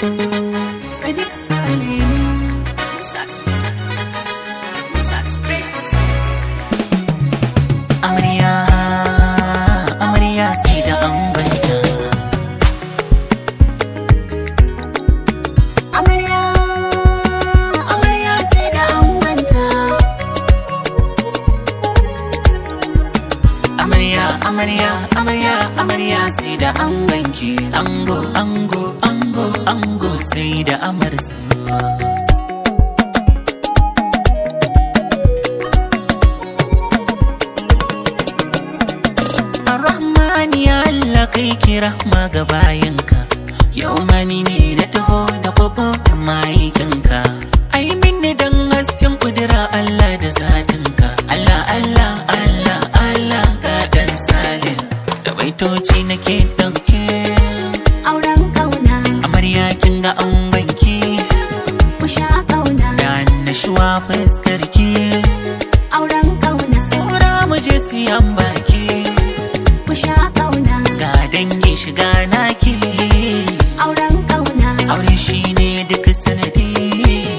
Sadiq Salim Amarya, amarya sai da Amarya, amarya sai da ambanta Amarya, amarya, amarya, amarya sai da Ango, ango, ango ango sai da amarsu su rahman Allah kai ki rahma ga bayanka yau mani ne manyan baki ku sha kauna ga dangi shiga naki auren kauna aure duk sanadi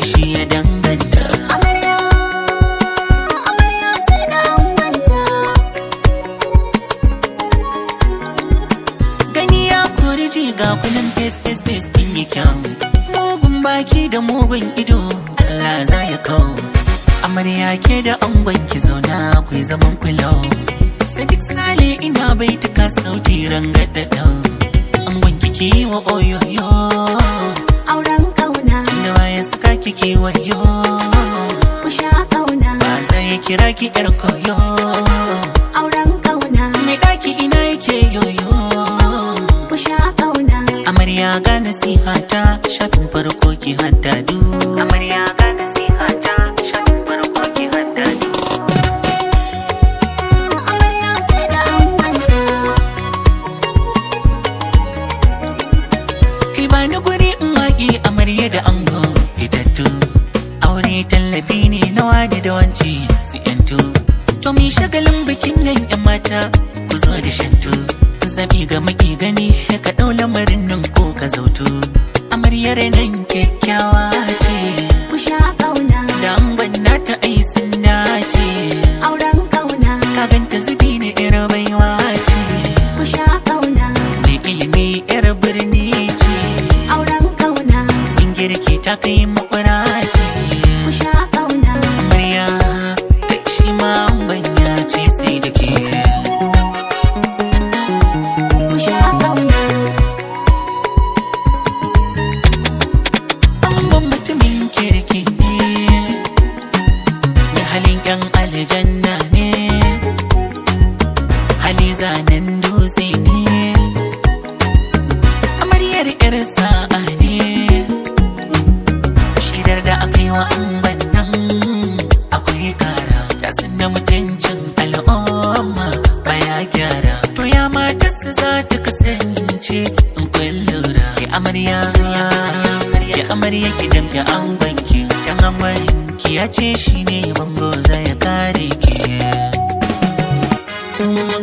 shi ya danganta amarya amarya sai gani ya kori ji ga kunan face face face kin yi kyau mugun baki da mugun ido Allah za ya kawo amarya ke da angon ki zauna akwai zaman kulo sadiq sale ina bai tuka sauti rangadada angon kiki wa oyoyo auren kauna da baya saka kiki wa yo ku sha kauna ba zai kira ki yar koyo auren kauna mai ɗaki ina yake yoyo ku sha kauna amarya ga nasihata shafin farko ki haddadu amarya ango fitattu aure tallafi ne na wani da wanci su yantu to mi shagalin bikin nan yan mata ku zo da shantu zabi ga muke gani ka ɗau lamarin nan ko ka zautu amaryar nan kyakkyawa ta kai makwara ce ku sha kauna amarya da shi ma banya ce sai da ke ku sha kauna amarya ya amarya ki damke angon ki kan angon ki ya ce shi ne bango za ya kare ki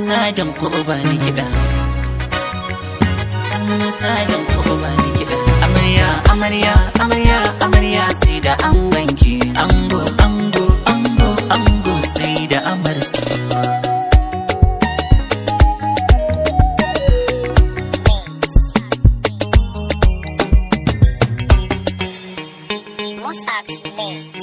sadan ko ba ni kiɗa sadan ko ba ni kida amarya amarya amarya Yes.